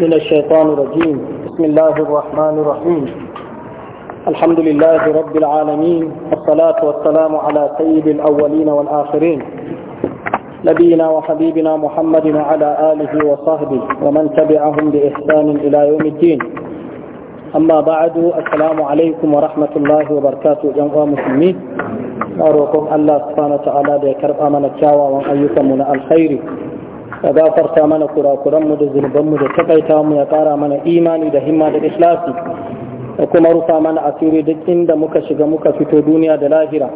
من الشيطان الرجيم بسم الله الرحمن الرحيم الحمد لله رب العالمين والصلاة والسلام على سيد الأولين والآخرين نبينا وحبيبنا محمد وعلى آله وصحبه ومن تبعهم بإحسان إلى يوم الدين أما بعد السلام عليكم ورحمة الله وبركاته جمع مسلمين أروكم الله سبحانه وتعالى بكرب أمانة شاوى وأن أيكم من الخير ka gafarta mana kurakuranmu da zunubanmu da takaita mu ya kara mana imani da himma da ikhlasi da kuma rufa mana asiri duk inda muka shiga muka fito duniya da lahira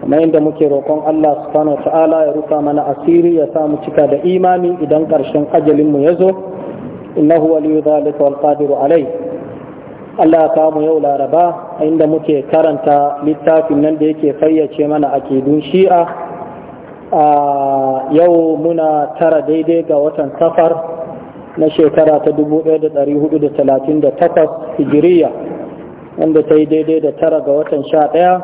kamar inda muke roƙon Allah subhanahu ta'ala ya rufa mana asiri ya samu cika da imani idan ƙarshen ajalinmu ya zo innahu waliyu zalika wal qadiru alai Allah ka mu yau laraba inda muke karanta littafin nan da yake fayyace mana akidun shi'a a yau muna tara daidai ga watan safar na shekara ta 1438 hijiriya wanda ta yi daidai da tara ga watan 11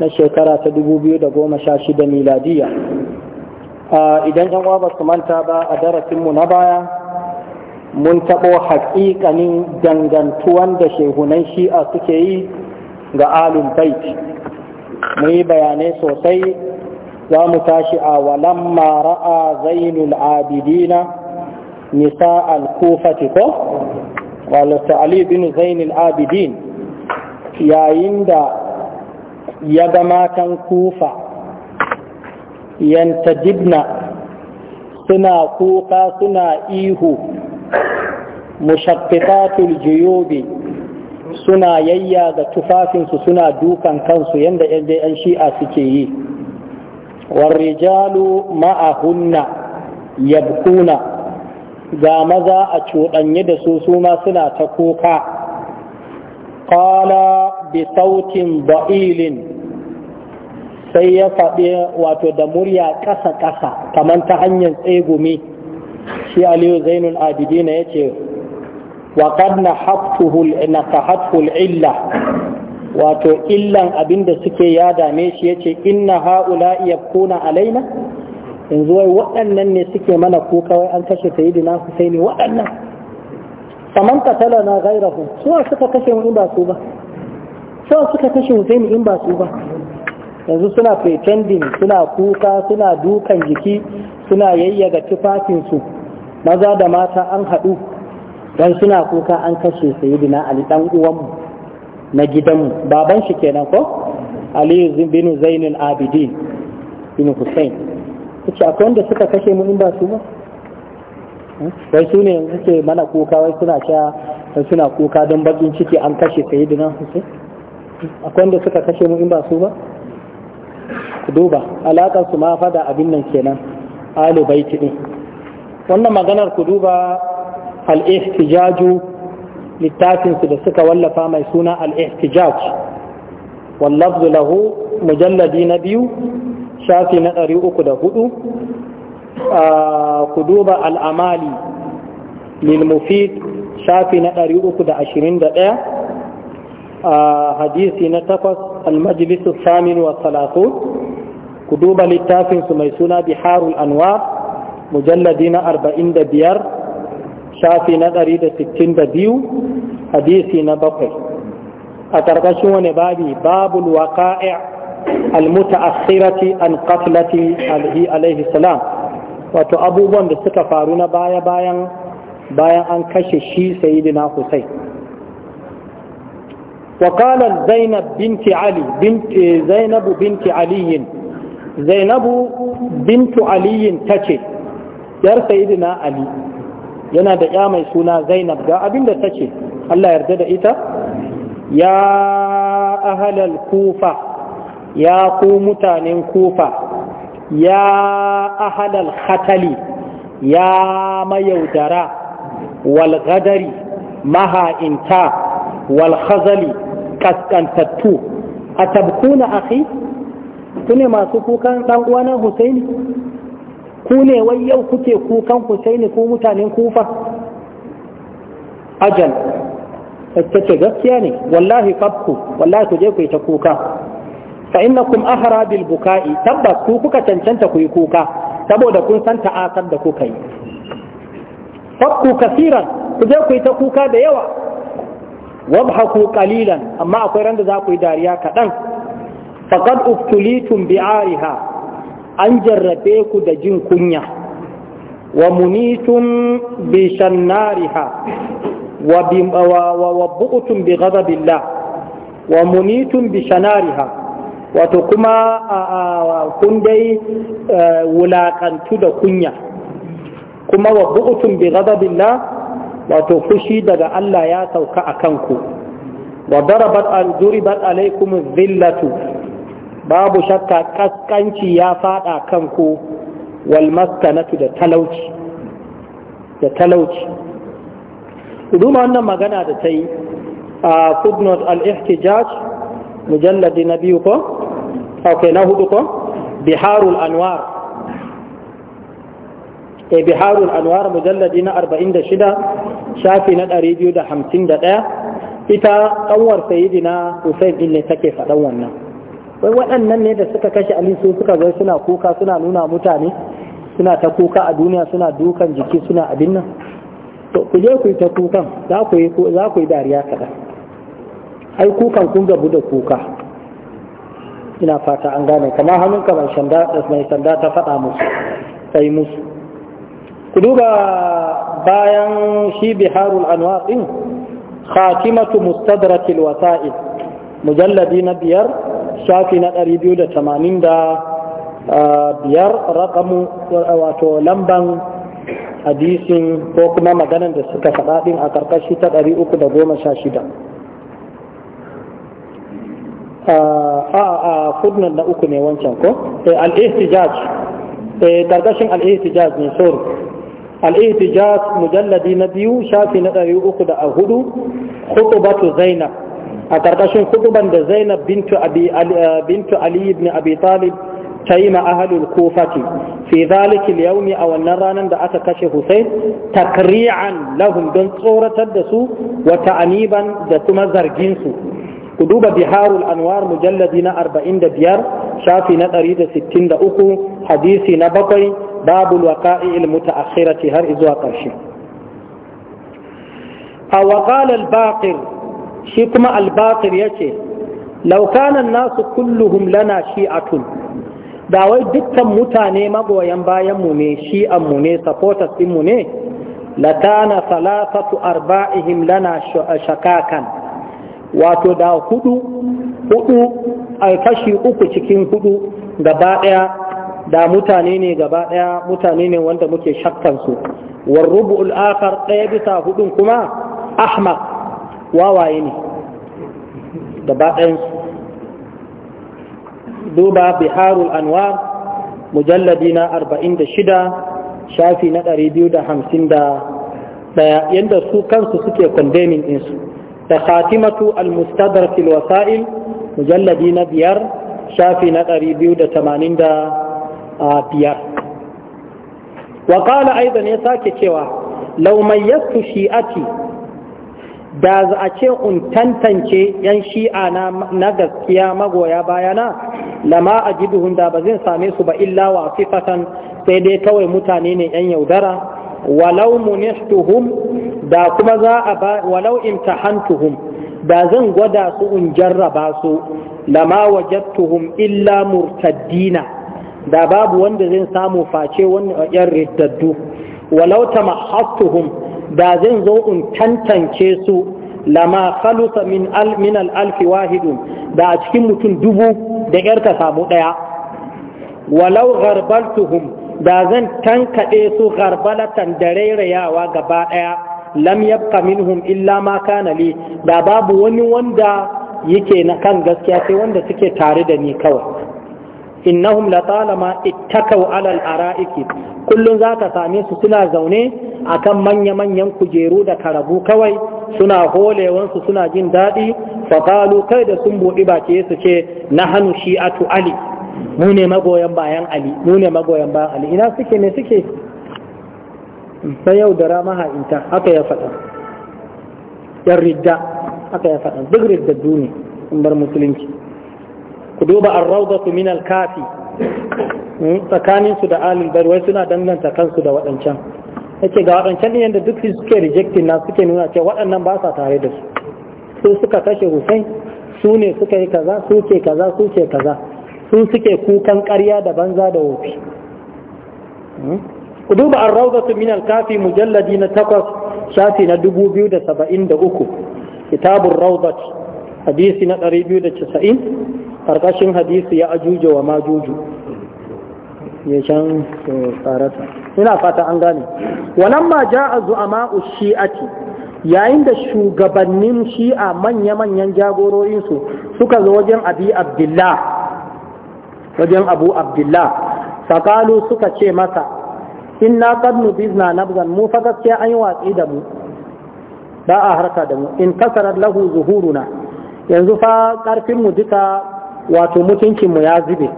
na shekara ta 2016 miladiya idan yan ba su manta ba a darasinmu na baya mun taɓo haƙiƙanin dangantuwan da shehunan shi'a suke yi ga alun bait mai bayanai sosai za mu tashi a walamma ra'a zainul abidina nisa al-kufati ko walata ali bin zainul abidin yayin da ya ga matan kufa dibna suna kuka suna ihu mushaqqaqatul juyubi suna yayya ga tufafinsu suna dukan kansu yanda yan shi'a suke yi warrijalu ma'ahunna yabkuna ga maza a cuɗanye da su su ma suna ta kuka Kala bi sautin da'ilin sai ya faɗi wato da murya ƙasa-ƙasa kamar ta hanyar tsegumi shi aliyu zainul abidina ya ce wa qad na illa wato illan abinda suke ya dame shi yace inna haula yakuna alaina yanzu wai waɗannan ne suke mana ko kawai an kashe sayyidina Husaini waɗannan faman Tala na ghairahu su suka kashe mu in ba su ba su suka kashe mu Husaini in ba su ba yanzu suna pretending suna kuka suna dukan jiki suna yayyaga tufafinsu maza da mata an haɗu dan suna kuka an kashe sayyidina ali ɗan uwanmu na gidanmu baban shi kenan ko aliyu bin zainul abidin bin hussein kace akwai wanda suka kashe mu in ba su ba wai su ne yanzu ke mana kuka wai suna cewa wai suna kuka don bakin ciki an kashe sayyidina hussein akwai wanda suka kashe mu in ba su ba ku duba alaƙar su ma fada abin nan kenan alu baiti din wannan maganar ku duba al-ihtijaju littafinsu da suka wallafa mai suna al-ihtijaj wallafzu lahu mujalladi na biyu shafi na ɗari uku da hudu ku duba al'amali lilmufid shafi na ɗari uku da ashirin da ɗaya hadisi na takwas almajalisu samin wa salatu ku duba littafinsu mai suna biharul anwar mujalladi na arba'in da biyar shafi na 162 hadisi na bakwai a ƙarƙashin wani babi babul waqa'i' al asirati an qatlati alaihi salam wato abubuwan da suka faru na baya bayan bayan an kashe shi sayyidina Hussein وقالت زينب بنت علي بنت زينب بنت علي زينب بنت علي تشي يا سيدنا علي yana da ya mai suna zainab ga abin da ta ce Allah yarda da ita ya ahalal kufa ya ku mutanen kufa ya ahalal khatali ya mayaudara wal gadari maha'inta wal khazali kaskantattu a tabkuna akhi ne masu kukan dan uwana husaini ku ne wai yau kuke kukan Husaini ko mutanen Kufa ajal ta ce gaskiya ne wallahi fabku wallahi ku je ku yi ta kuka fa innakum ahra bil buka'i tabbas ku kuka cancanta ku yi kuka saboda kun san ta'asar da kuka yi fabku kasiran ku je ku yi ta kuka da yawa wabhaku qalilan amma akwai randa za ku yi dariya kaɗan faqad uftulitum bi'ariha an jarrabe ku da jin kunya wa munitun bi shannariha wa bi wa bu'tun bi ghadabillah wa munitun bi shanariha wato kuma kun dai eh, wulakantu da kunya kuma wa bu'tun bi ghadabillah wato fushi daga Allah ya sauka akan ku wa darabat al duribat alaikum dhillatu babu shakka kaskanci ya fada kanku wal maskanatu da talauci da talauci duma wannan magana da ta yi a footnote al-ihtijaj mujalladi na biyu ko ok na hudu ko biharul anwar e biharul anwar mujalladi na 46 shafi na 251 ita kanwar sayidina Hussein din ne take faɗan wannan wai waɗannan ne da suka kashe ali su suka zai suna kuka suna nuna mutane suna ta kuka a duniya suna dukan jiki suna abin nan to ku je ku yi ta kukan za ku yi za ku yi dariya kaɗan ai kukan kun gabu da kuka ina fata an gane kamar hannunka mai sanda mai sanda ta faɗa musu sai musu ku duba bayan shi biharul anwar din khatimatu mustadrakil wasa'il mujalladi na biyar shafi na 285 rakamu wato lamban hadisin ko kuma maganar da suka faɗaɗin a ƙarƙashi ta 316 a kudnan na uku ne wancan ko eh, al-ihtijaj eh, ƙarƙashin al-ihtijaj ne sorry الاحتجاج مجلد نبيو شافي نقري أخد أهدو hukubatu Zainab. a ƙarƙashin huduban da zainab eh, bintu ali ibn abi talib ta yi ma'ahalul kufati fi zalikil yaumi a wannan ranar da aka kashe Hussein takri'an lahum don tsoratar da su wa ta'aniban da kuma zargin su ku duba biharul anwar mujalladi na 45 shafi na 163 hadisi na bakwai babul waqa'i'il mutaakhirati har zuwa ƙarshe a waqala al-baqir shi kuma albakir ya ce laukanan nasu kulluhum lana shi'atun da wai dukkan mutane magoyan bayan mu ne shi'an mu ne supporters din mu ne latana salasatu arba'ihim lana shakakan wato da hudu hudu a kashi uku cikin hudu gaba daya da mutane ne gaba daya mutane ne wanda muke shakkan su war rubu'ul akhar daya bisa hudun kuma ahmad wawaye ne gaba ɗayansu duba biharul anwar mujalladi na 46 shafi na 251 yadda su kansu suke condemning ɗinsu da khatimatu al-mustadrak al-wasa'il mujalladi na biyar shafi na 285 wa qala aidan ya sake cewa law mayyastu shi'ati da za a ce un tantance yan shi'a na gaskiya magoya bayana lama a jiduhun da ba zai same su ba illa wa sifatan sai dai kawai mutane ne yan yaudara walau munistuhum da kuma za a ba walau imtahantuhum da zan gwada su in jarraba su lama wajattuhum illa murtaddina da babu wanda zai samu face wannan yan riddaddu walau tamahhattuhum da zan zo in tantance su lama khalusa min al min al alf wahid da a cikin mutum dubu da yar ta samu daya walau gharbaltuhum da zan tankade su gharbalatan da rairayawa gaba daya lam yabqa minhum illa ma kana li da babu wani wanda yake na kan gaskiya sai wanda suke tare da ni kawai innahum la talama ittakau alal ara'iki kullun zaka same su suna zaune akan manya manyan kujeru da karabu kawai suna holewan su suna jin dadi fa qalu kai da sun bodi ce su ce nahanu shi'atu ali mu ne magoyan bayan ali mu ne magoyan bayan ali ina suke ne suke sai yau da ramaha inta haka ya faɗa yan ridda haka ya faɗa duk ridda duniya in bar musulunci ku duba ar-rawdatu min al-kafi hmm? tsakaninsu da alul bari wai suna danganta kansu da waɗancan yake ga waɗancan yadda duk su suke rejecting na suke nuna cewa waɗannan ba sa tare da su su suka kashe Hussein su ne suka yi kaza su ke kaza su ke kaza su suke kukan ƙarya da banza da wofi hmm? ku duba ar-rawdatu min al-kafi mujalladi na takwas shafi na dubu biyu da da uku kitabun rawdat hadisi na ɗari biyu da casa'in. ƙarƙashin hadisi ya ajuje wa majuju ya can tsarata ina fata an gane wannan ma ja'a zu'ama'u shi'ati yayin da shugabannin shi'a manya-manyan jagororinsu suka zo wajen abi abdullah wajen abu abdullah sakalu suka ce masa inna qad na nabzan mu fa gaskiya an yi watsi da mu ba a harka da mu in kasarar lahu zuhuruna yanzu fa karfin mu duka wato mutuncinmu ya zube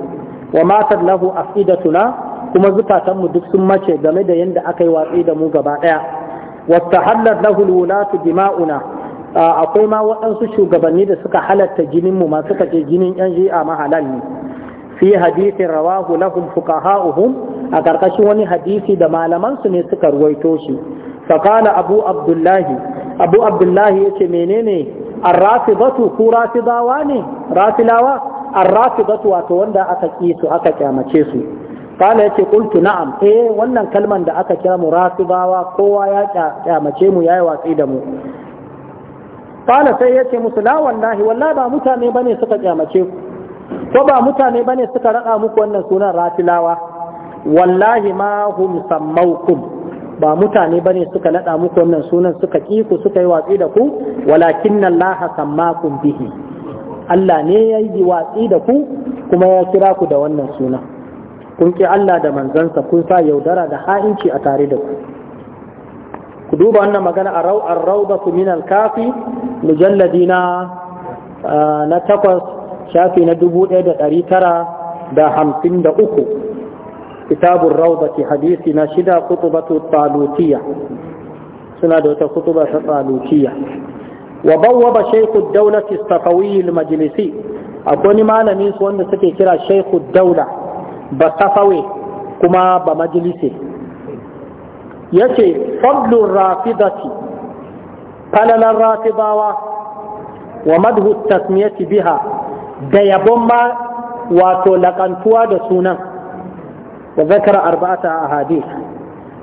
wa matar lahu afidatuna kuma zukatanmu duk sun mace game da yadda aka yi watsi da mu gaba ɗaya wata hallar lahu wulatu dima'una akwai ma waɗansu shugabanni da suka halatta jininmu ma suka ce jinin yan shi'a mahalal ne fi hadisin rawahu lahum fuqaha'uhum a karkashin wani hadisi da malamansu ne suka ruwaito shi fakala abu abdullahi abu abdullahi yace menene arrafidatu ku rafidawa ne ar-rafidatu wato wanda aka ki su aka kyamace su qala yace qultu na'am eh wannan kalman da aka kira mu kowa ya kyamace mu yayi watsi da mu qala sai yace musu la wallahi wallahi ba mutane bane suka kyamace ku ko ba mutane bane suka rada muku wannan sunan rafilawa wallahi ma hum sammaukum ba mutane bane suka nada muku wannan sunan suka ki ku suka yi watsi da ku walakin Allah sammakum bihi Allah ne ya yi watsi da ku kuma ya kira ku da wannan suna kun ki Allah da manzansa kun sa yaudara da ha'inci a tare da ku ku duba wannan magana a rau an rauda ku min alkafi mujalladi na na takwas shafi na dubu ɗaya da ɗari tara da hamsin da uku kitabun ke hadisi na shida kutubatu talutiya suna da wata kutuba ta talutiya wa bawwaba shaykhu dawlati as-safawi al-majlisi akwai malami su wanda suke kira shaykhu daula ba safawi kuma ba majlisi yace fadlu rafidati falalar rafidawa wa madhu tasmiyati biha da yabon ma wato lakantuwa da sunan wa zakara arba'ata ahadith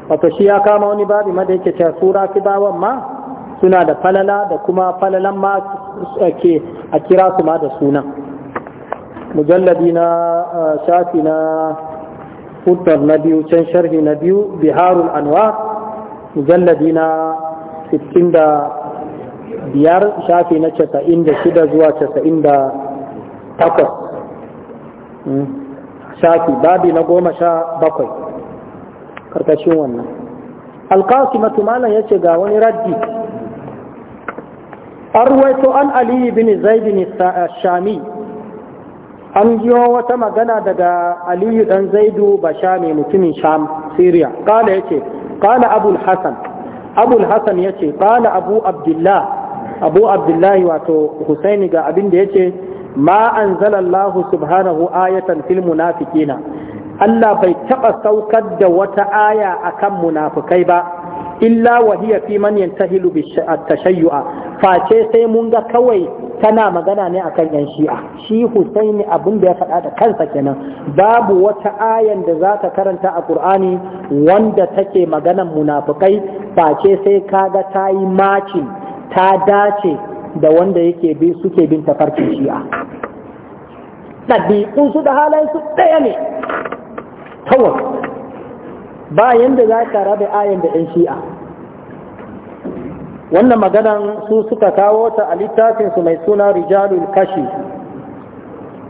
wato shi ya kama wani babi ma da yake cewa su rafidawan ma suna da falala da kuma falalan ma eh, ke a kira su ma da suna mujalladi na eh, shafi na hutar na biyu can sharhi na biyu biharul anwa mujalladi na 65 shafi na 96 zuwa 98 hmm. shafi babi na goma sha bakwai karkashin wannan alkasimatu malam ya ce ga wani raddi arwaito an aliyu bin zaidin shami an jiyo wata magana daga aliyu dan zaidu ba shami mutumin sham syria kala yace kala abul hasan abul hasan yace kala abu abdullah abu abdullah wato husaini ga abin da yace ma anzalallahu subhanahu ayatan fil munafiqina Allah bai taɓa saukar da wata aya akan munafukai ba illa hiya fi man yantahilu bi tashayyu'a face sai mun ga kawai tana magana ne akan yan shi'a shi Husaini abin da ya faɗa da kansa kenan babu wata ayan da za ta karanta a Qur'ani wanda take maganan munafikai face sai kaga ta yi macin ta dace da wanda yake bi suke bin tafarkin shi'a ɗabi'un su da halayen su ɗaya ne kawai bayan da za ka rabe ayan da 'yan shi'a wannan maganan su suka kawo ta a littafin su mai suna rijalul kashi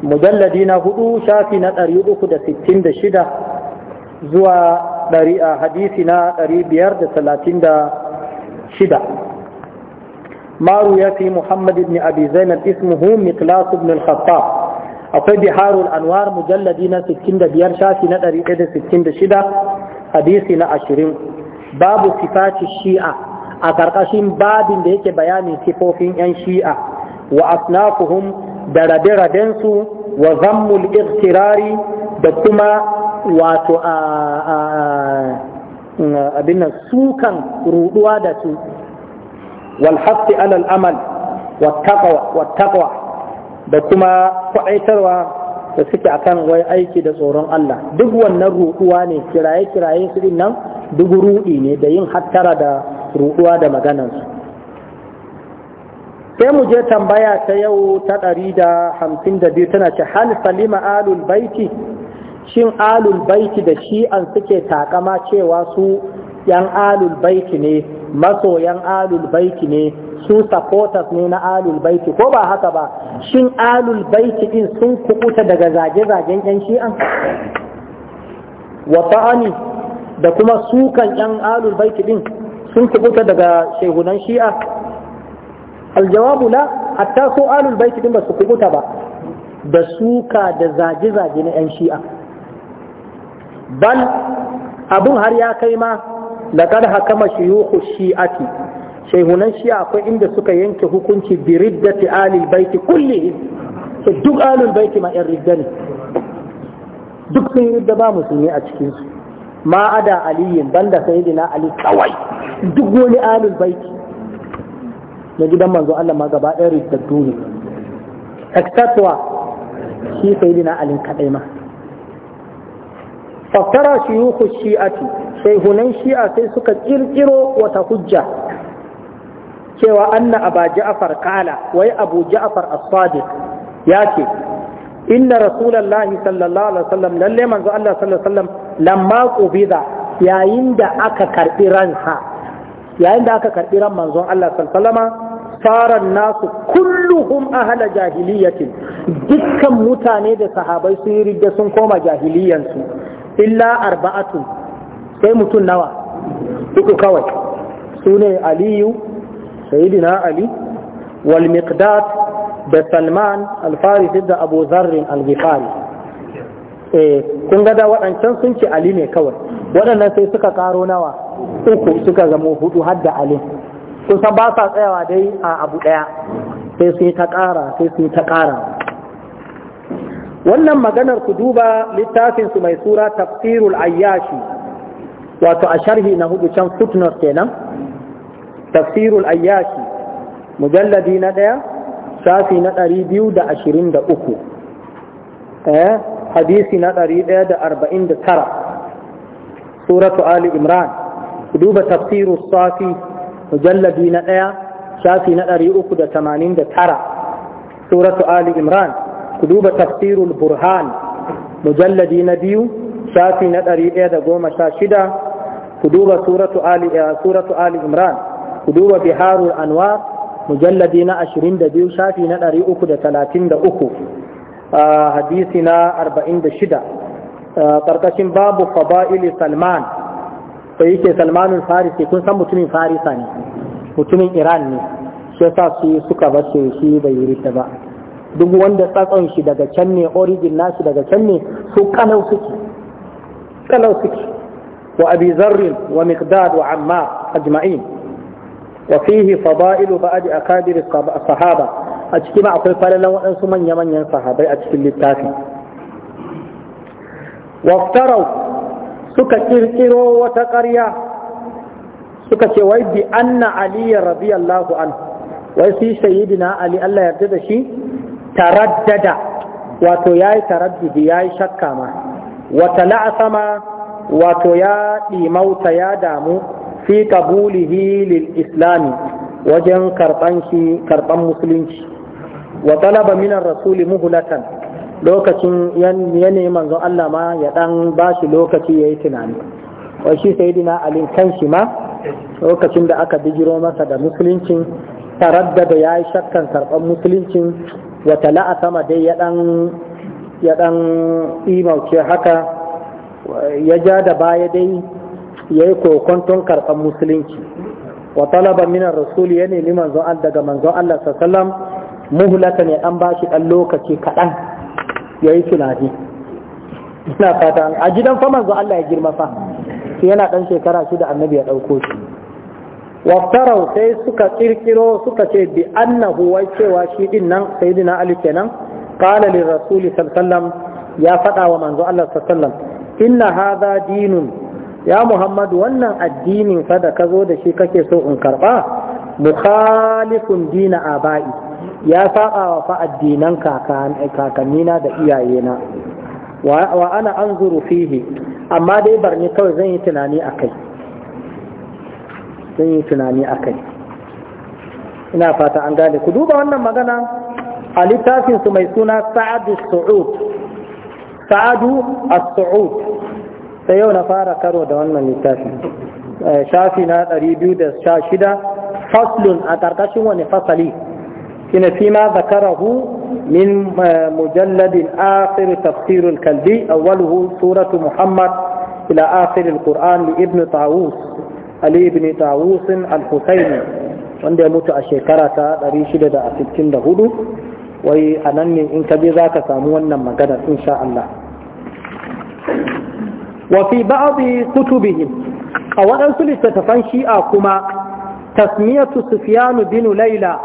mujalladi na hudu shafi na 366 zuwa hadisi na 536 maru ya fi muhammad ibn abi zainab ismuhu miklas ibn al-khattab akwai biharul anwar mujalladi na 65 shafi na 166 hadisi na 20 babu sifati shi'a a ƙarƙashin babin da yake bayanin sifofin 'yan shi'a wa asnafuhum da rabe-rabensu wa zammul iktirari da kuma wato a abin sukan ruduwa da su walhassi alal amal wattaqwa da kuma kwaɗaitarwa da suke akan wai aiki da tsoron Allah duk wannan ruduwa ne kiraye-kiraye su nan duk ruɗi ne da yin hattara da ruɗuwa da maganansu sai mu je tambaya ta yau ta ɗari da hamsin da biyu tana ce hal salima alul baiti shin alul baiti da shi'an suke takama cewa su yan alul baiti ne masoyan alul baiti ne su supporters ne na alul baiti ko ba haka ba shin alul baiti din sun kubuta daga zage-zagen yan shi'an wa ta'ani da kuma sukan yan alul baiti din sun kubuta daga shehunan shi'a aljawabu la hatta su alul baiti din ba su kubuta ba da suka da zage-zage na 'yan shi'a bal abun har ya kai ma laqad hakama shuyukhu shi'ati shehunan shi'a akwai inda suka yanke hukunci bi riddati alil baiti kulli duk alul baiti ma 'yan ridda ne duk sun ridda ba musulmi a cikinsu ma ada aliyin banda sayyidina ali kawai duk wani alul baiti na gidan manzo Allah ma gaba ɗaya ritattu ne exceptwa shi sayyidina ali kadai ma fassara shi shuyukhu shi'ati hunan shi'a sai suka kirkiro wata hujja cewa anna aba ja'far qala wai abu ja'far as-sadiq yace inna rasulallahi sallallahu alaihi wasallam lalle manzo Allah sallallahu alaihi wasallam lamma qubida yayin da aka karbi ransa yayin da aka karbi ran manzon Allah sallallahu alaihi wasallam sarar nasu kulluhum ahala jahiliyatin dukkan mutane da sahabai sun yi rigga sun koma su illa arba'atun sai mutum nawa uku kawai su ne aliyu Sayyidina ali wal miqdad da salman alfarisi da abu zarrin alghifari eh kun ga da waɗancan sun ce ali ne kawai waɗannan sai suka karo nawa uku suka zamo hudu har da ali kun san ba sa tsayawa dai a abu ɗaya sai su yi ta ƙara sai su yi ta ƙara wannan maganar ku duba littafin su mai sura tafsirul ayyashi wato a sharhi na hudu can footnote kenan tafsirul ayyashi mujalladi na ɗaya Safi na ɗari biyu da ashirin da uku eh, hadisi na ɗari ɗaya da arba'in da tara suratu ali imran duba tafsiru safi mujalladi na ɗaya safi na ɗari uku da tamanin da tara suratu ali imran ku duba tafsirul burhan mujalladi na biyu safi na ɗari ɗaya da goma sha shida duba eh, suratu ali imran ku duba biharul anwar mujalladi na 22 shafi na 333 hadisi na 46 ƙarkashin babu fada'ili salman sai yake salmanul farisi kun san mutumin farisa ne mutumin iran ne shi yasa su suka bar shi bai yi ba duk wanda tsatson shi daga can ne origin nashi daga can ne su kalau suke wa Abizarri wa Mikdad wa amma ajma'in wa fihi fada'ilu ba'd akabir sahaba a cikin akwai falalan waɗansu manya manyan sahabai a cikin littafi waftarau suka kirkiro wata ƙarya suka ce wai bi anna aliya radiyallahu an. wai sai sayyidina ali Allah yarda da shi taraddada wato yayi taraddudi yayi shakka ma wata la'asama wato ya ɗimauta ya damu fi qabulihi lil islami wajen karban shi karban musulunci wa talaba min ar-rasul muhlatan lokacin ya ne manzo Allah ma ya dan bashi lokaci yayi tunani wa shi sayyidina Ali kan shi ma lokacin da aka bijiro masa da musulunci taraddada yayi shakkan karban musulunci wa tala'a sama dai ya dan ya dan imauce haka ya ja da baya dai ya yi kokonton karɓar musulunci wa talaba minar rasuli ya nemi manzon Allah daga manzon Allah sallam muhulata ne an bashi dan lokaci kaɗan ya yi tunani ina fata a gidan fa manzon Allah ya girma fa shi yana ɗan shekara shida annabi ya ɗauko shi wa waftarau sai suka kirkiro suka ce bi annahu wai cewa shi din nan sayyidina ali kenan qala lirrasuli sallallahu ya faɗa wa manzo Allah sallallahu inna hadha dinun ya muhammadu wannan addinin fa da ka zo da shi kake so in karba mukhalifun dina aba'i ya saba wa fa addinan kakannina da iyayena wa ana anzuru fihi amma dai bar ni kawai zan yi tunani akai zan yi tunani akai ina fata an gane ku duba wannan magana a littafinsu mai suna sa'adu su'ud sa'adu as-su'ud sai yau na fara karo da wannan littafi eh, shafi na 216 faslun a ƙarƙashin wani fasali Kina fi ma zakarahu min eh, mujalladin akhir tafsir Kalli kalbi awwaluhu suratu muhammad ila akhir al li ibn tawus ali ibn tawus al-husaini wanda ya mutu a shekara ta 664 wai anan ne in ka je zaka samu wannan magana insha Allah وفي بعض كتبهم أولا سلسة أكما تسمية سفيان بن ليلى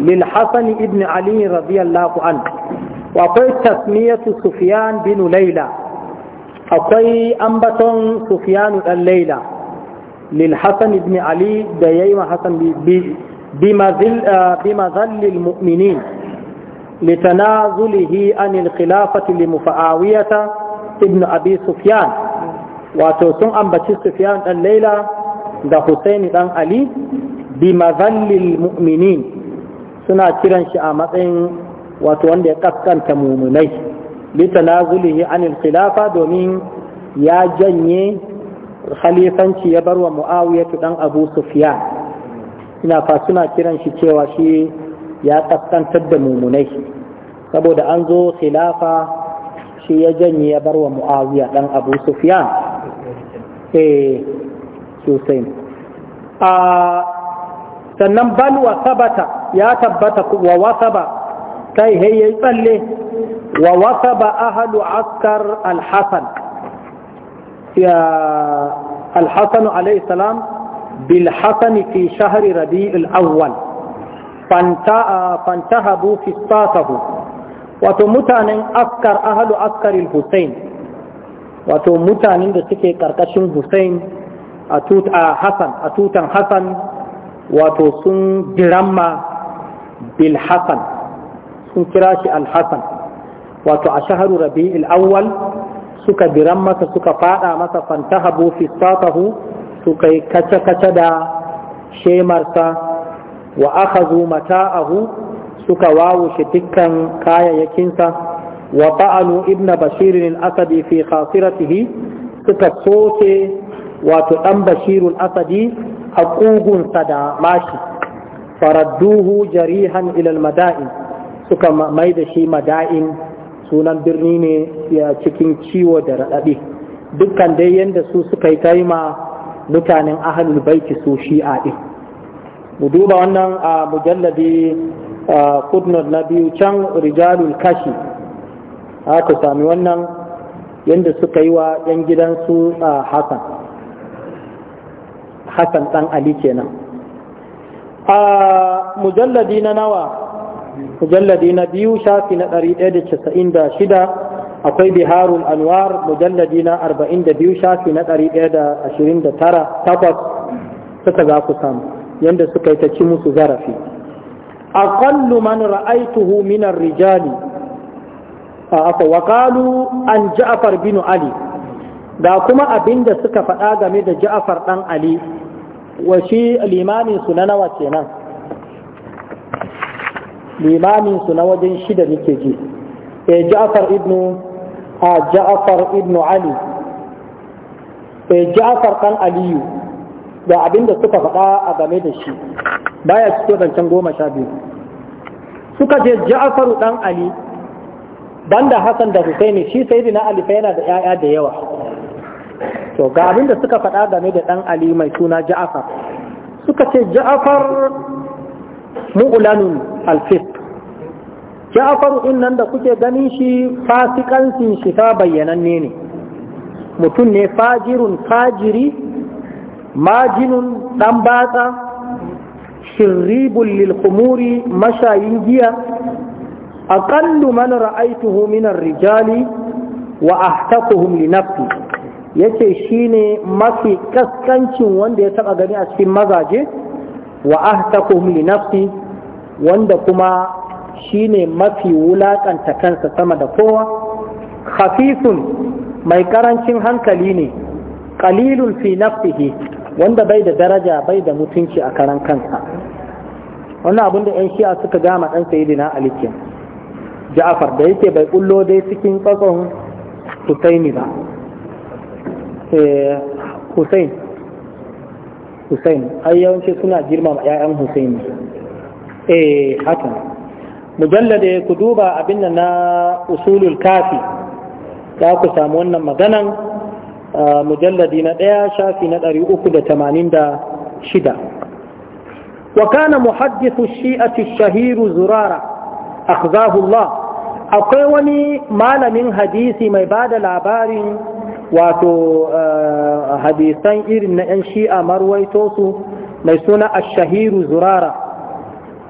للحسن بن علي رضي الله عنه وقال تسمية سفيان بن ليلى أقل أنبت سفيان الليلى للحسن بن علي ديما حسن بمذل, آه، بمذل المؤمنين لتنازله عن الخلافة لمفاوية ابن أبي سفيان wato sun ambaci sufiyan dan Laila da Husaini dan Ali bi mazallil mu'minin suna kiran shi a matsayin wato wanda ya kaskanta mumunai bi tanazulihi anil khilafa domin ya janye khalifanci ya barwa Muawiya dan Abu Sufyan ina fa suna kiran shi cewa shi ya kaskantar da mumunai saboda an zo khilafa shi ya janye ya barwa Muawiya dan Abu Sufyan Eh, sosai a ah, sannan bal wa sabata ya tabbata wa wasaba kai yayi tsalle wa wasaba ahlu askar al ya al fi shahri rabi' al-awwal ah, fantahabu fi satahu wato mutanen askar ahlu askar al hussein. wato mutanen da suke karkashin Hussein a Hassan a tutan Hassan wato sun diramma bil Hassan sun kira shi al Hassan wato a shaharu Rabi'il awwal suka diran masa suka fada masa fantahabu fi satahu suka yi kace-kace da shemarsa wa aka zo mata'ahu suka wawushe dukkan kayayyakinsa wa ta'anu ibn bashir al-asadi fi khasiratihi suka soke wato dan bashir al-asadi a kugunsa mashi faradduhu jarihan ila al suka mai da shi mada'in sunan birni ne cikin ciwo da raɗaɗi dukkan dai yadda su suka yi taima mutanen ahlul baiti su shi'a ɗin mu duba wannan a mujalladi kudnar na biyu can rijalul kashi aka sami wannan yadda suka yi wa 'yan gidansu a hassan hassan ɗan ali kenan a mujalladi na nawa mujalladi na biyu shafi na 196 akwai biharun anwar mujalladi na 42 shafi na 129 takwas suka za ku samu yadda suka yi ta ci musu zarafi A man ra'aituhu min ar-rijali afa wa an ja'afar bin ali da kuma abinda suka faɗa game da ja'afar ɗan ali wa shi limamin su na nawa kenan limamin su na wajen shida nake ji E ja'afar ibn a ja'afar ibnu ali E ja'afar ɗan aliyu da abinda suka faɗa a game da shi baya cikin zancen goma sha biyu suka je ja'afar ɗan ali banda Hassan da Husaini shi sai Ali fa yana da yaya da yawa to ga abin da suka faɗa game da ɗan Ali mai suna Ja'far suka ce Ja'far mu'lanun al-fisq Ja'far in nan da kuke ganin shi fasikancin shi ta bayyananne ne mutum ne fajirun fajiri majinun dan batsa shirribul lil khumuri mashayin giya aqallu man ra'aytuhu min rijali wa ahtaquhum li nafsi yace shine mafi kaskancin wanda ya taɓa gani a cikin mazaje wa ahtaquhum li nafsi wanda kuma shine mafi wulaƙanta kansa sama da kowa khafifun mai ƙarancin hankali ne ƙalilun fi nafsihi wanda bai da daraja bai da mutunci a karan kansa wannan abin da 'yan shi'a suka gama ɗan a alikin ja'afar da yake bai kullo dai cikin tsatson husaini ba eh, husain husain ai yawanci suna girma 'ya'yan husaini eh ya mujallade ku duba abin na usulul kafi za ku samu wannan maganan ah, mujalladi na ɗaya shafi na ɗari uku da tamanin da shida wa kana muhaddithu shi'ati shahiru zurara akhzahullah akwai wani malamin hadisi mai ba da labarin wato eh, hadisan irin na 'yan shi'a marwaito su mai suna ashahiru zurara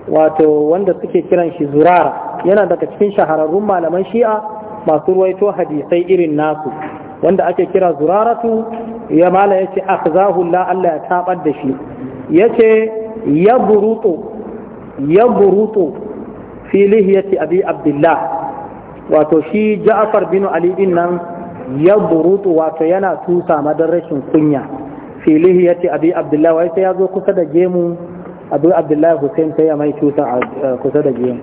wato wanda suke kiran shi zurara yana daga cikin shahararrun malaman shi'a masu ruwaito hadisai irin nasu wanda ake kira zuraratu ya mala ya ce akhzahullah Allah ya tabar da shi ya ce ya buruto ya buruto fi lihiyati abi abdullah wato shi ja'far bin ali din nan ya burutu wato yana tusa madan rashin kunya fi lihiyati abi abdullah wai sai ya zo kusa da gemu abu abdullah hussein sai ya mai tusa eh, kusa da gemu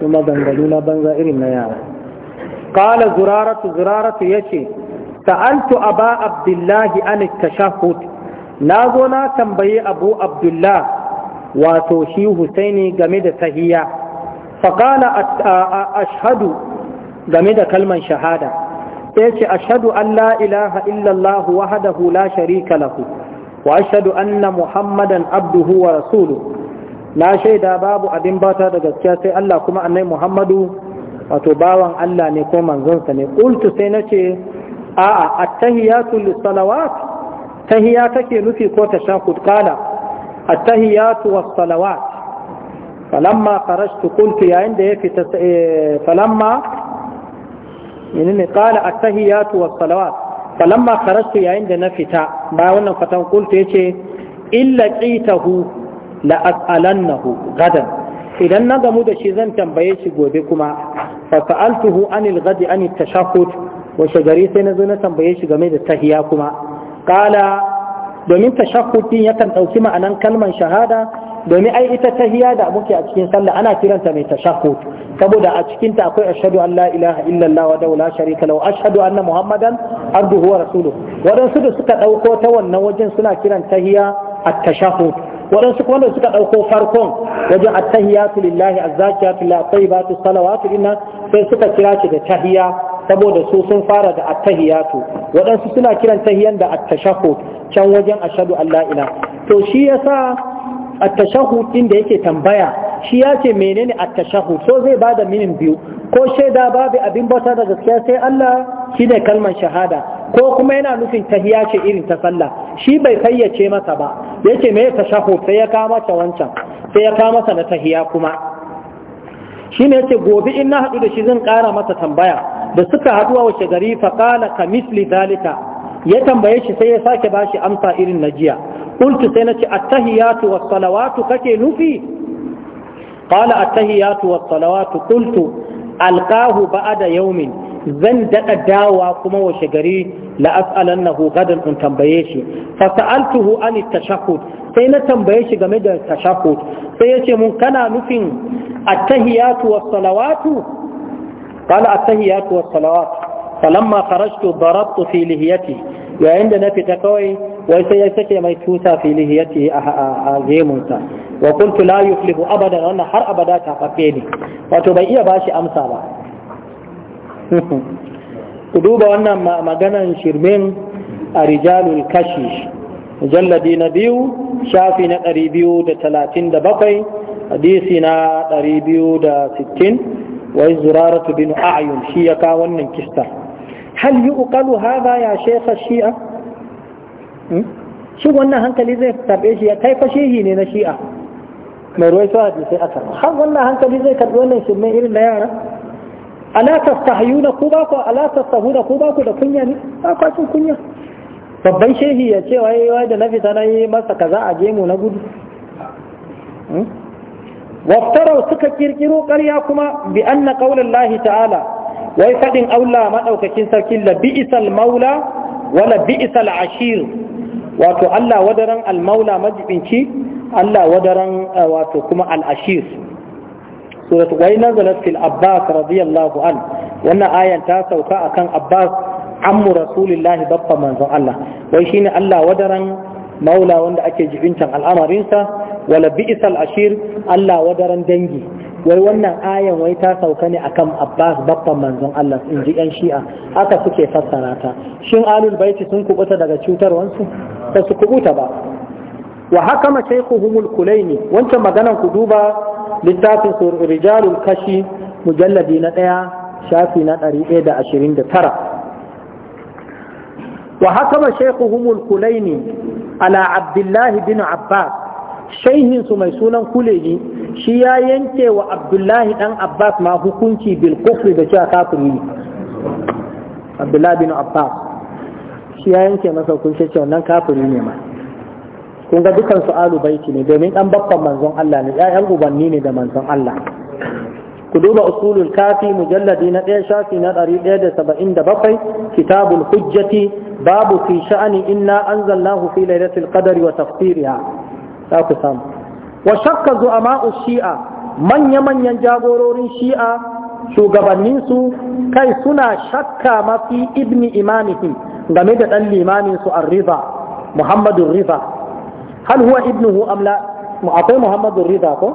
kuma dangane na banza irin na yara qala zuraratu zuraratu yace sa'altu aba abdullah an tashahhud na zo na tambaye abu abdullah wato shi husaini game da tahiyya faƙala ashadu game da kalman shahada ya ce ashadu an la ilaha illallahu wahdahu la sharika lahu wa ashhadu anna muhammadan abduhu wa rasuluhu na shaida babu abin bata da gaskiya sai Allah kuma annai Muhammadu wato bawan Allah ne ko manzonsa ne qultu sai nace a'a at tahiya lis take nufi ko sha qala التهيات والصلوات فلما خرجت قلت يا عندي في تس... فلما يعني قال التهيات والصلوات فلما خرجت يا عند نفتا ما وانا فتن قلت يشي إلا قيته لأسألنه غدا إذا نظموا ده شي زن تنبيه شي gobe فسألته عن الغد عن التشهد وشجري سنة زنة تنبيه شي game da tahiya kuma قال domin tashahhudin yakan ɗauki ma'anan kalman shahada domin ai ita tahiya da muke a cikin sallah ana kiranta mai tashahhud saboda a cikin ta akwai ashhadu an la ilaha illallah wa la sharika lahu ashhadu anna muhammadan abduhu wa rasuluhu wadansu da suka ɗauko ta wannan wajen suna kiran tahiya at-tashahhud waɗansu kuma da suka ɗauko farkon wajen attahiyatu lillahi azzakiyatu la tayyibatu salawatu inna sai suka kira shi da tahiya saboda su sun fara da attahiyatu waɗansu suna kiran tahiyan da attashahud can wajen ashadu Allah ila to shi yasa attashahud din da yake tambaya shi ya ce menene attashahu? so zai bada minin biyu ko shaida babu abin bauta da gaskiya sai Allah shine kalmar shahada ko kuma yana nufin tahiya ce irin ta sallah shi bai fayyace masa ba yace me tashahud sai ya kama ta wancan sai ya kama masa na tahiya kuma shine yace gobe in na haɗu da shi zan kara masa tambaya da suka haɗu a wace gari faƙala ka misli dalika ya tambaye shi sai ya sake ba shi amsa irin na jiya ƙultu sai na ce attahiyatu was salawatu kake nufi qala attahiyatu was salawatu ba a da yawmin zan daɗa dawa kuma washe gari la na gadan in tambaye shi fa sa'altuhu an sai na tambaye shi game da tashahhud sai yace mun kana nufin attahiyatu was salawatu قال التهيات والصلوات فلما خرجت ضربت في لهيتي yayin da na fita kawai wai sai ya sake mai tusa fili yati a gemunsa wa kuntu la yuflihu abadan wannan har abada ta fafe ne wato bai iya bashi amsa ba ku duba wannan maganan shirmin a rijalul kashi jalladi na biyu shafi na ɗari biyu da talatin da bakwai hadisi na ɗari biyu da sittin wai zuraratu bin a'yun shi ya ka wannan kista hal yi uƙalu hadha ya shaykha shi'a shi wannan hankali zai karbe shi ya kai fa shehi ne na shi'a mai ruwai sa hadisi aka har wannan hankali zai karbe wannan shirme irin na yara ala tastahiyuna ku ba ku ala tastahuna ku ba ku da kunya ne ba ku cin kunya babban shehi ya ce wai wai da na fita na yi masa kaza a gemu na gudu waftarau suka kirkiro ƙarya kuma bi anna qaulal lahi ta'ala wai fadin aula madaukakin sarki la bi'sal maula wala bi'sal ashir wato Allah wadaran al maula majibinci Allah wadaran eh, wato kuma al ashir surat wai nazalat fil abbas radiyallahu an wannan ayan ta sauka akan abbas ammu rasulillahi babban manzon Allah wai shine Allah wadaran maula wanda ake jibintan al'amarinsa wala bi'sal ashir Allah wadaran dangi wai wannan ayan wai ta sauka ne akan Abbas babban manzon Allah in ji yan Shi'a aka suke fassara ta shin alul baiti sun kubuta daga cutarwansu ba su kubuta ba wa hakama shaykhuhum al-Kulaini wancan maganan ku duba littafin rijalul kashi mujalladi na daya shafi na 129 wa hakama shaykhuhum al-Kulaini ala Abdullahi bin Abba. shaihin su mai sunan kulegi shi ya yanke wa abdullahi dan abbas ma hukunci bil kufri da cewa kafiri abdullahi bin abbas shi ya yanke masa hukunci cewa nan kafiri ne ma kun ga dukan su alu baiti ne domin dan babban manzon Allah ne Ya'yan ubanni ne da manzon Allah ku duba usulul kafi mujalladi na ɗaya shafi na ɗari ɗaya da saba'in da kitabul hujjati babu fi sha'ani inna anzalnahu fi lailatul qadri wa tafsirha za ku samu wa shakka zu'ama'u shi'a manya-manyan jagororin shi'a shugabanninsu kai suna shakka mafi ibni imamihim game da ɗan limaminsu arriba muhammadu riba hal huwa ibnuhu amla akwai muhammadu riba ko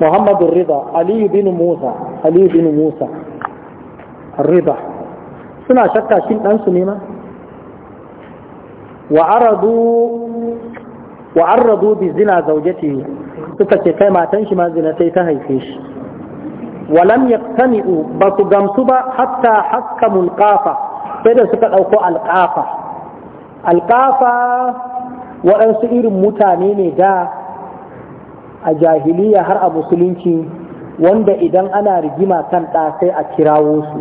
muhammadu riba aliyu bin musa aliyu bin musa arriba suna shakka shin ɗansu ne ma wa arradu bi zina zaujati suka ce kai matan shi ma zina ta haife shi walam yaqtani'u ba su gamsu ba hatta hakkamul qafa sai da suka dauko alqafa alqafa waɗansu irin mutane ne da a jahiliya har a musulunci wanda idan ana rigima kan ɗa a kirawo su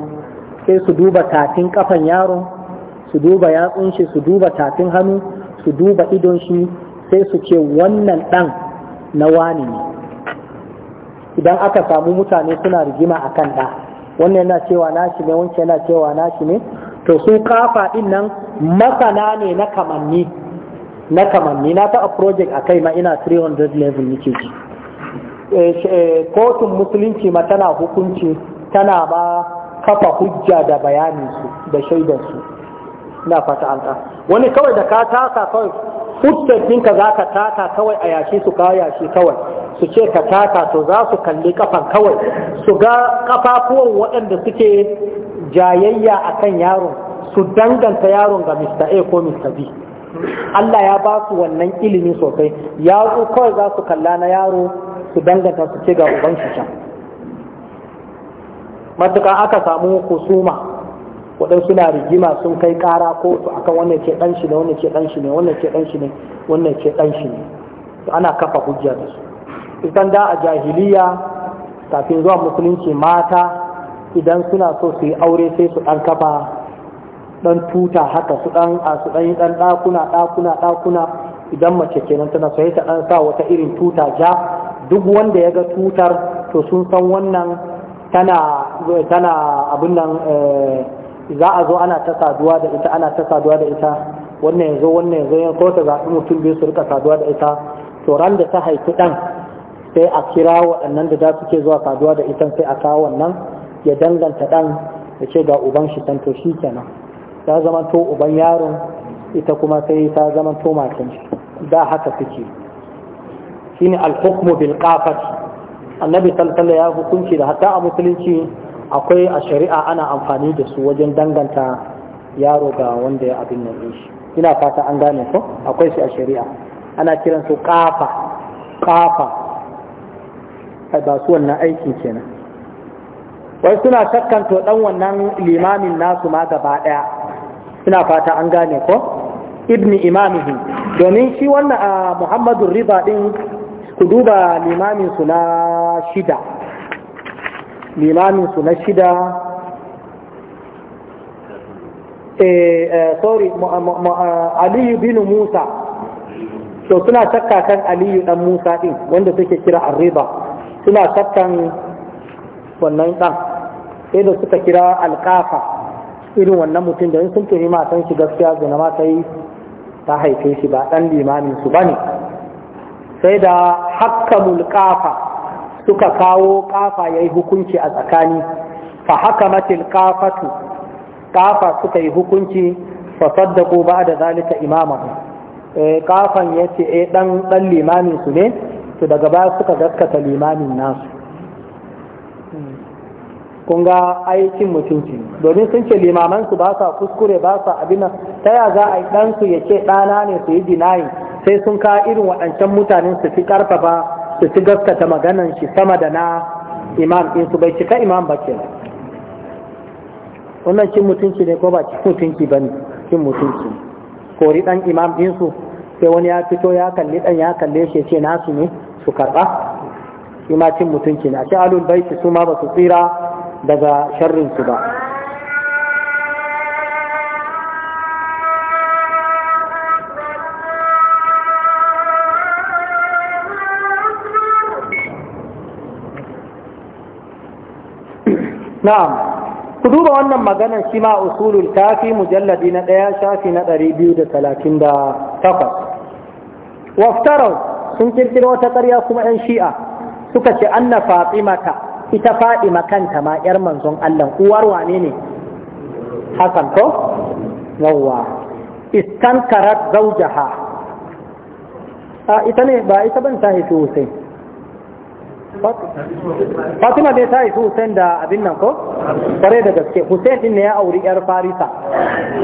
sai su duba kafin kafan yaron su duba yatsun shi su duba tafin hannu su duba idon shi sai su ce wannan ɗan na wani ne idan aka samu mutane suna rigima a kan ɗa wannan yana cewa nashi ne wancan yana cewa nashi ne to su kafa ɗin nan masana ne na kamanni na kamanni na taɓa project a kai ma ina 300 level nake ji eh, eh, kotun musulunci ma tana hukunci tana ba kafa hujja da bayaninsu da shaidansu ina fata an ta wani kawai da ka taka kawai footstep ɗinka za ka taka kawai a yashi su ka yashi kawai su ce ka taka to za su kalli kafan kawai su ga kafafuwan waɗanda suke jayayya akan yaron su danganta yaron ga Mr. A ko Mr. B Allah ya ba su wannan ilimi sosai yaro kawai za su kalla na yaro su danganta su ce ga uban shi can matuƙa aka samu kusuma waɗansu na rigima sun kai ƙara ko akan wannan ke ɗan shi ne wannan ke ɗan shi ne wannan ke ɗan shi ne wannan ke ɗan shi ne to ana kafa hujja da su idan da a jahiliya kafin zuwa musulunci mata idan suna so su yi aure sai su ɗan kafa ɗan tuta haka su ɗan a su ɗan yi ɗan ɗakuna ɗakuna ɗakuna idan mace kenan tana so ta ɗan sa wata irin tuta ja duk wanda ya ga tutar to sun san wannan tana tana abin nan eh, za a zo ana ta saduwa da ita ana ta saduwa da ita wannan yanzu wannan yanzu ya ko ta zaɓi mutum biyu su rika saduwa da ita to ran da ta haifi ɗan sai a kira waɗannan da za su ke zuwa saduwa da ita sai a kawo wannan ya danganta ɗan ya ce ga uban shi tanto shi kenan Ta zama to uban yaron ita kuma sai ta zama to matan shi da haka suke shine al-hukmu bil qafati annabi sallallahu ya hukunci da hatta a musulunci akwai a shari'a ana amfani da su wajen danganta yaro ga wanda ya abin nan shi ina fata an gane ko akwai shi a shari'a ana kiran su kafa kafa ba su wannan aikin kenan wai suna shakkan dan wannan limamin nasu ma gaba daya ina fata an gane ko ibni imamihi domin shi wannan ah, muhammadu riba din ku duba limamin su na shida limamin su na shida eh, eh, sorry eh, aliyu bin musa so suna shakka kan aliyu dan musa din wanda suke kira arriba suna shakkan wannan dan sai da suka kira alkafa irin wannan mutum da sun tuni matan shi gaskiya zuna ma ta yi ta haife shi ba dan limamin su bane sai da hakkamul kafa suka kawo kafa yayi hukunci a tsakani fa hakamatil kafatu kafa suka yi hukunci fa saddaqu ba'da zalika imama eh kafan yace eh dan dan limamin su ne to daga baya suka gaskata limamin nasu kun ga aikin mutunci domin sun ce su ba sa kuskure ba sa abin ta ya za a yi su ya ce ɗana ne su yi dinayi sai sun ka irin waɗancan mutanen su fi ƙarfafa su ci gaskata maganan shi sama da na imam in su bai cika imam ba kenan wannan cin mutunci ne ko ba cin mutunci ba ne cin mutunci kori dan imam din su sai wani ya fito ya kalli dan ya kalle shi ce nasu ne su karba shi ma cin mutunci ne a ce alul baiti su ma ba su tsira daga sharrin su ba na'am ku duba wannan maganar shi ma usulul kafi mujalladi na ɗaya shafi na ɗari biyu da talatin da takwas waftarau sun kirkiro wata ƙarya kuma 'yan shi'a suka ce anna fatimata ita fatima kanta ma 'yar manzon Allah uwar wane ne hasan ko yawwa istankarat zaujaha a ita ne ba ita ban ta haifi Hussein fatima dai ta haifi hussein da abin nan ko kware da gaske hussein din ne ya auri yar farisa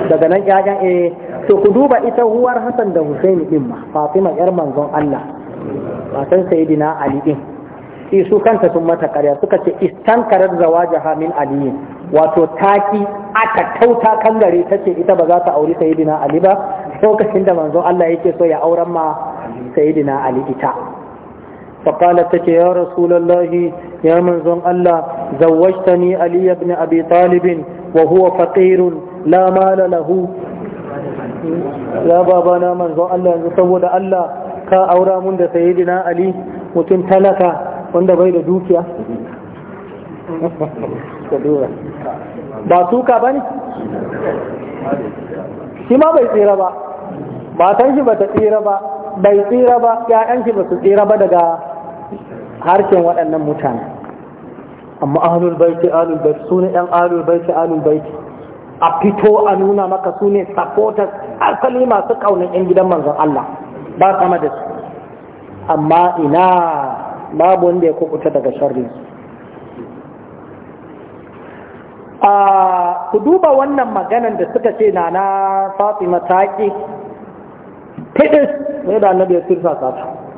daga nan ƴaƴan eh to ku duba ita huwar hassan da hussein din ma fatima yar manzon allah matan sayyidina ali din shi su kanta sun mata karya suka ce istankarar zawajaha min aliyin wato taki aka tauta kan gare ta ce ita ba za ta auri sayyidina ali ba lokacin da manzon Allah yake so ya auren ma sayyidina ali ita فقالت تك يا رسول الله يا من زن الله زوجتني علي بن أبي طالب وهو فقير لا مال له يا بابانا من زن الله يسود الله ka aura mun da sayyidina Ali mutum talaka wanda bai da dukiya ba suka ba ne shi bai tsira ba matan shi ba tsira ba bai tsira ba shi tsira ba daga harshen waɗannan mutane amma ahlul baiti ahlul baiti su ne ɗan ahlul baiti ahlul baiti a fito a nuna maka su ne supporters asali masu ƙaunin ƴan gidan manzon Allah ba sama da su amma ina babu wanda ya kukuta daga sharri a ku duba wannan maganan da suka ce na na fatima ta fitis ne da annabi ya sirsa sata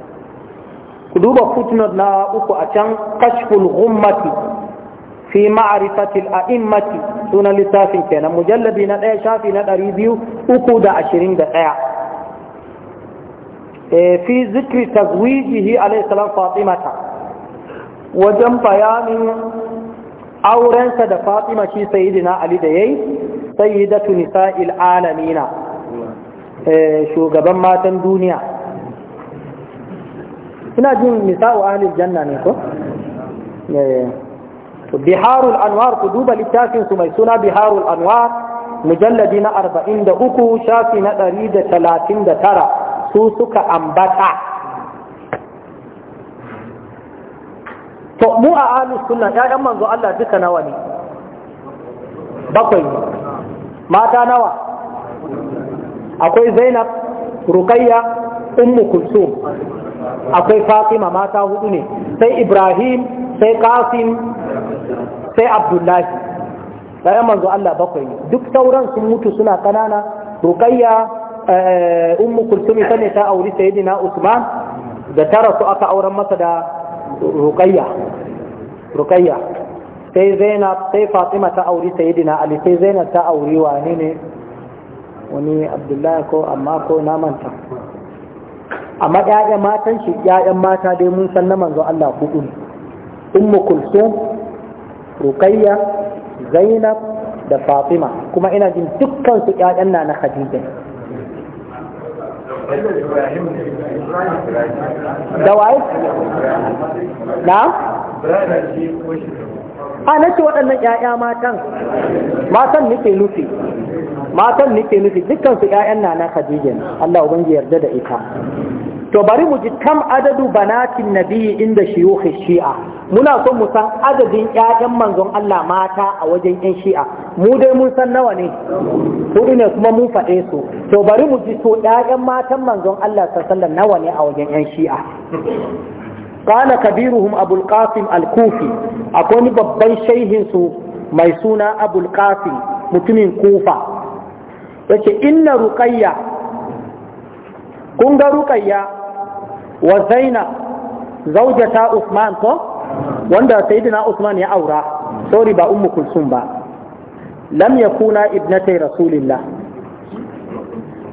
ku duba footnote na uku a can kashful ghummati fi ma'rifati al-a'immati sunan lissafin kenan mujallabi na ɗaya shafi na ɗari biyu uku da ashirin da ɗaya eh, fi zikri tazwijihi alayhi salam fatimata wajen bayanin aurensa da fatima shi sayyidina ali da yayi sayyidatu nisa'il alamina eh, shugaban matan duniya ina jin misa'u ahlil janna ne ko eh. biharul anwar ku duba littafin su mai suna biharul anwar mujalladi na arba'in da uku shafi na 139 da talatin da tara su suka ambata to mu a ahlus sunna ƴaƴan manzo Allah duka nawa ne bakwai mata nawa akwai Zainab Ruqayya Ummu Kulsum akwai fatima mata hudu ne sai ibrahim sai Kasim, sai abdullahi ɗayan manzo Allah bakwai ne duk sauran sun mutu suna kanana rukayya eh, ummu kulsumi sane ta auri sayyidina usman da tara su aka auren masa da Rukayya. rukayya sai zainab sai fatima ta auri sayyidina ali sai zainab ta auri wa ne wani abdullahi ko amma ko na manta amma ƴaƴan matan shi ƴaƴan mata dai mun san na manzo Allah hudu ne ummu kulsum ruqayya zainab da fatima kuma ina jin dukkan su ƴaƴan na na khadija da waye na a na ce waɗannan ƴaƴa matan matan nake nufi matan nake nufi dukkan su ƴaƴan na na khadija Allah ubangiji yarda da ita to bari mu ji kam adadu banatin nabi inda shiyukhi shi'a muna son mu san adadin ƴaƴan manzon Allah mata a wajen ƴan shi'a mu dai mun san nawa ne hudu ne kuma mun faɗe su to bari mu ji to ƴaƴan matan manzon Allah sallallahu nawa ne a wajen ƴan shi'a qala kabiruhum abul qasim al kufi akwai babban shaihin su mai suna abul qasim mutumin kufa yace inna ruqayya kun ga ruqayya wa zainab zaujata usman ko wanda sayyidina usman ya aura sorry ba ummu kulsum ba lam yakuna ibnatai rasulillah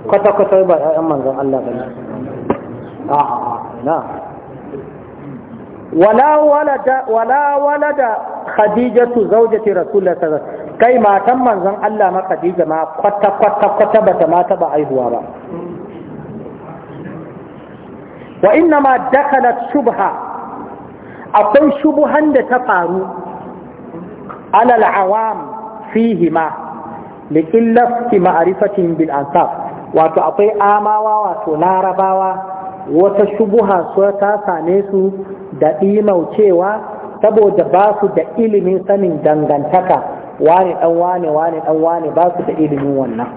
kwata kwata ba ƴaƴan manzon Allah bane a ah, na wala walada wala walada khadijatu zaujati rasulillah kai matan manzon Allah ma khadija ma kwata kwata kwata bata mata ba aihuwa ba wa inna ma dakalat shubha akwai shubuhan da ta faru alal awam fihi ma liƙillas ki ma'arifatin bil ansaf wato akwai amawa wato larabawa wata shubuha so ta same su da cewa saboda ba su da ilimin sanin dangantaka wane dan wane wane dan wane ba su da ilimin wannan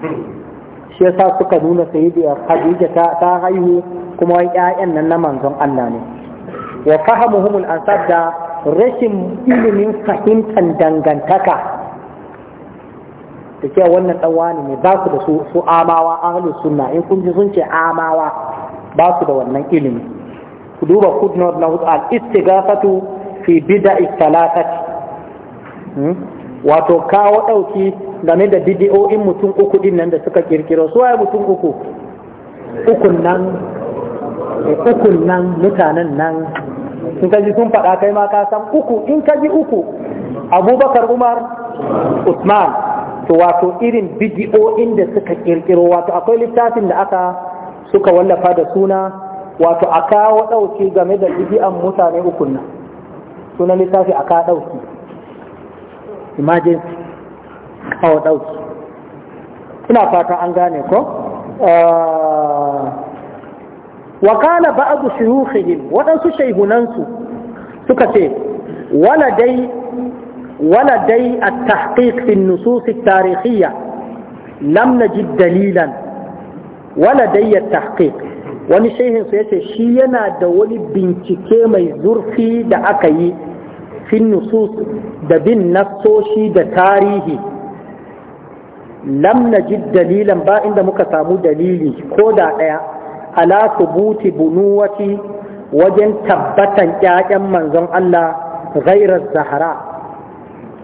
shi yasa suka nuna sayyidiyar Khadija ta haihu kuma ƴaƴan nan na manzon Allah ne wa fahamuhum al-ansab da rashin ilimin fahimtar dangantaka da cewa wannan dan wani ne ba su da su su amawa ahlus sunna in kun ji sun ce amawa ba su da wannan ilimi ku duba footnote na hudu al-istighafatu fi bida'i salatati hmm? wato kawo ɗauki game da in mutum uku din nan da suka kirkiro su waye mutum uku ukun nan eh, ukun nan mutanen nan in ka ji sun faɗa kai ma ka san uku in ka ji uku abubakar umar usman to wato irin in da suka kirkiro wato akwai littafin da aka suka wallafa da suna wato a kawo ɗauki game da bidi'an mutane ukun nan sunan littafi a kawo ɗauki emergency kawo ɗauki ina fatan an gane ko eh, wakala ba'adu shuyukhihim waɗansu shaihunansu suka ce waladai waladai at-tahqiq fi an-nusus at-tarikhiyya lam najid dalilan waladai at-tahqiq wani shaihin su yace shi yana da wani bincike mai zurfi da aka yi fin nusus da bin nassoshi da tarihi lam najid dalilan ba inda muka samu dalili ko da ɗaya ala subuti wajen tabbatan ƴaƴan manzon Allah ghairar zahara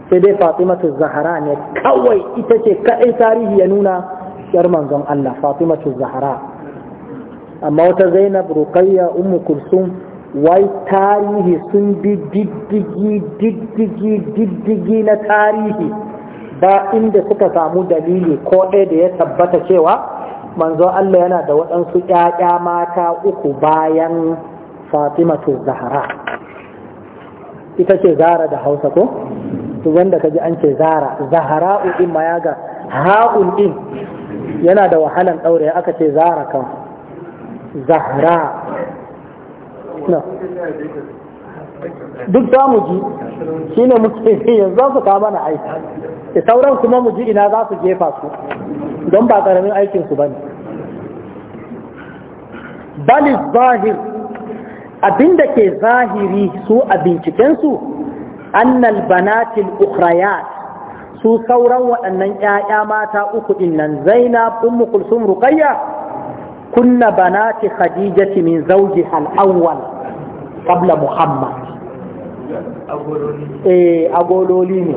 sai dai fatimatu zahara ne kawai ita ce kaɗai tarihi ya nuna ƴar manzon Allah fatimatu zahara amma wata zainab Rukayya ummu kulsum wai tarihi sun bi diddigi diddigi diddigi na tarihi ba inda suka samu dalili ko ɗaya da ya tabbata cewa manzo Allah yana da waɗansu ƴaƴa mata uku bayan Fatimatu Zahra ita ce Zara da Hausa ko to wanda kaji an ce Zara Zahra din ma yaga ha'un din yana da wahalan daure aka ce Zara kan Zahra na duk za mu ji shi ne muke yanzu za su kama na aiki da sauran kuma mu ji ina za su jefa su don ba ƙaramin aikinsu ba ne bali zahir abinda ke zahiri su a bincikensu annal banatil ukhrayat su sauran waɗannan ‘ya'ya mata uku innan zainab ummu kulsum ruqayya kunna banati khadijati min zawji al-awwal qabla muhammad eh agololi ne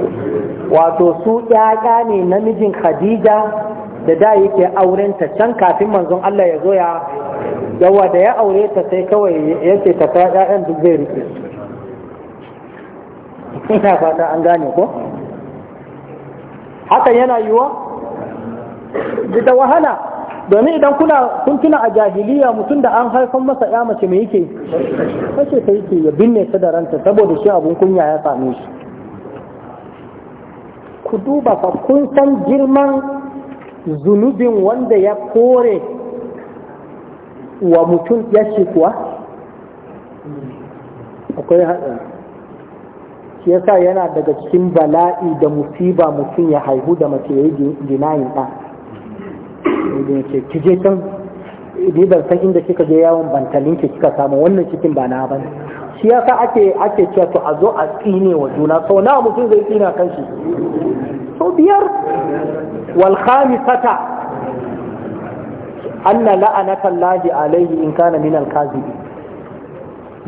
wato su ƴaƴa ne namijin khadija da da yake auren ta can kafin manzon Allah ya zo ya yawa da ya aure ta sai kawai yake ta ta ƴaƴan duk zai rike ina fata an gane ko hakan yana yiwa da wahala domin idan kuna kun tuna a jahiliya mutum da an haifan masa ya mace mai yake kace ta yake ya binne ta da ranta saboda shi abun kunya ya same shi ku duba fa kun san girman zunubin wanda ya kore wa mutum ya shi kuwa akwai haɗin shi yasa yana daga cikin bala'i da musiba mutum ya haihu da mace ya yi jinayin ɗan ki can ni ban san inda kika je yawon bantalin ki kika samu wannan cikin ba na bane shi yasa ake ake cewa to a zo a tsine wa juna sau na mutum zai tsina kan shi sau biyar wal khamisata anna la'anata Allah alaihi in kana min al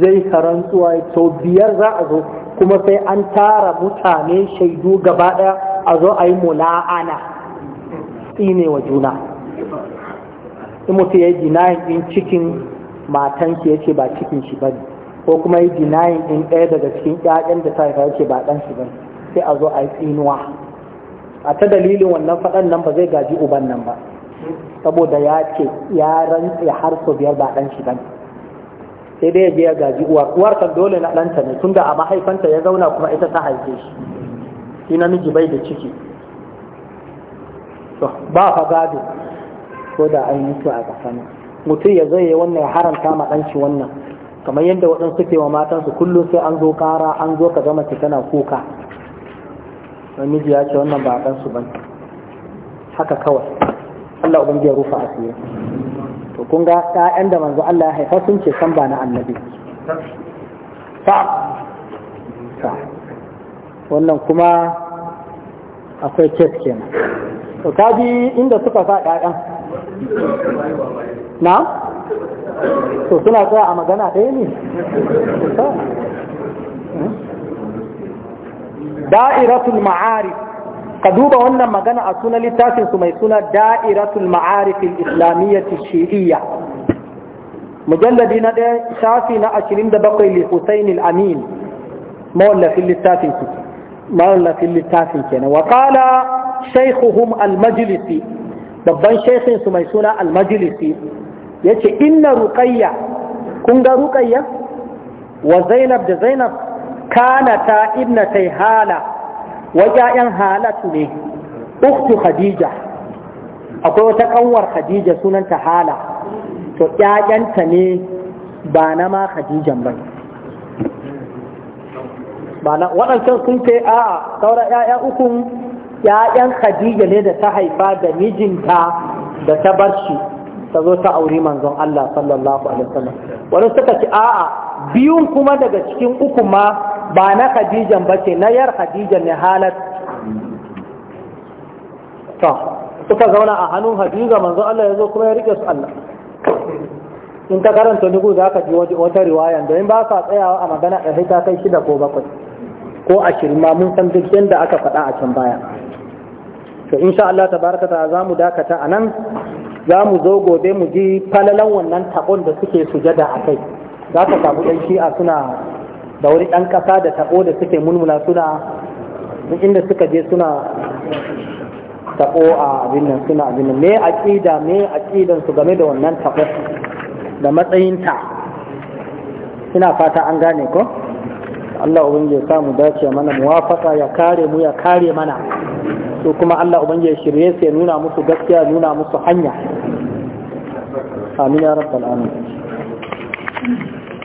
zai karantsuwa sau biyar za a zo kuma sai an tara mutane shaidu gaba daya a zo a yi mula'ana tsine wa juna in mutum ya yi dinayin din cikin matan ke ce ba cikin shi ba, ko kuma yi dinayin din ɗaya daga cikin ƴaƴan da ta haifa ce ba ɗan shi ba, sai a zo a yi tsinuwa a ta dalilin wannan faɗan nan ba zai gaji uban nan ba saboda ya ce ya rantse har sau biyar ba ɗan shi ba, sai dai ya je gaji uwa, uwar kan dole na ɗanta ne tunda a mahaifanta ya zauna kuma ita ta haife shi shi namiji bai da ciki ba fa gado ko da an mutu a kasana mutum ya zai wannan ya haramta ma ɗanci wannan kamar yadda waɗansu suke wa matansu kullum sai an zo ƙara an zo ka gama ki tana kuka namiji ya ce wannan ba ɗansu ba haka kawai Allah ubangiji ya rufa asiri to kun ga ɗayan da manzo Allah ya haifa sun ce san ba na annabi wannan kuma akwai kes kenan to kaji inda suka sa ƴaƴan na to suna tsaya a magana ɗaya ne da'iratul ma'arif ka duba wannan magana a sunan littafin mai suna da'iratul ma'arif islamiyyati shi'iyya mujalladi na ɗaya shafi na 27 li Hussein al-Amin mawallafin littafin littafin kenan wa shaykhuhum al-majlisi babban shaykhin su mai suna al-majlisi yace inna ruqayya kun ga ruqayya wa zainab da zainab kana ta ibnatai hala wa ƴaƴan halatu ne ukhtu khadija akwai wata kanwar khadija sunanta hala to ƴaƴanta ne ba na ma khadijan ba ba na waɗancan sun ce a saura ƴaƴa ukun ‘ya'yan Khadija ne da ta haifa da mijinta da ta bar shi ta zo ta auri manzon Allah sallallahu alaihi wasallam wani suka ci a'a biyun kuma daga cikin uku ma ba na Khadija ba ce na yar Khadija ne halat to suka zauna a hannun Khadija manzon Allah ya zo kuma ya rike su Allah in ta karanta dubu za ka ji wata da in ba ka tsayawa a magana ɗaya ta kai shida ko bakwai ko ashirin ma mun san duk da aka faɗa a can baya to insha Allah tabaraka ta za mu dakata a nan za mu zo gobe mu ji falalan wannan taɓon da suke sujada a kai za ka samu ɗan shi'a suna da wani ɗan ƙasa da taɓo da suke mulmula suna inda suka je suna taɓo a abin nan suna abin nan me ƙida me ƙidan su game da wannan taɓo da matsayinta ina fata an gane ko Allah ubangiji ya samu dace mana muwafaka ya kare mu ya kare mana to kuma Allah ubangi ya shirye su ya nuna musu gaskiya nuna musu hanya amin ya rabbal alamin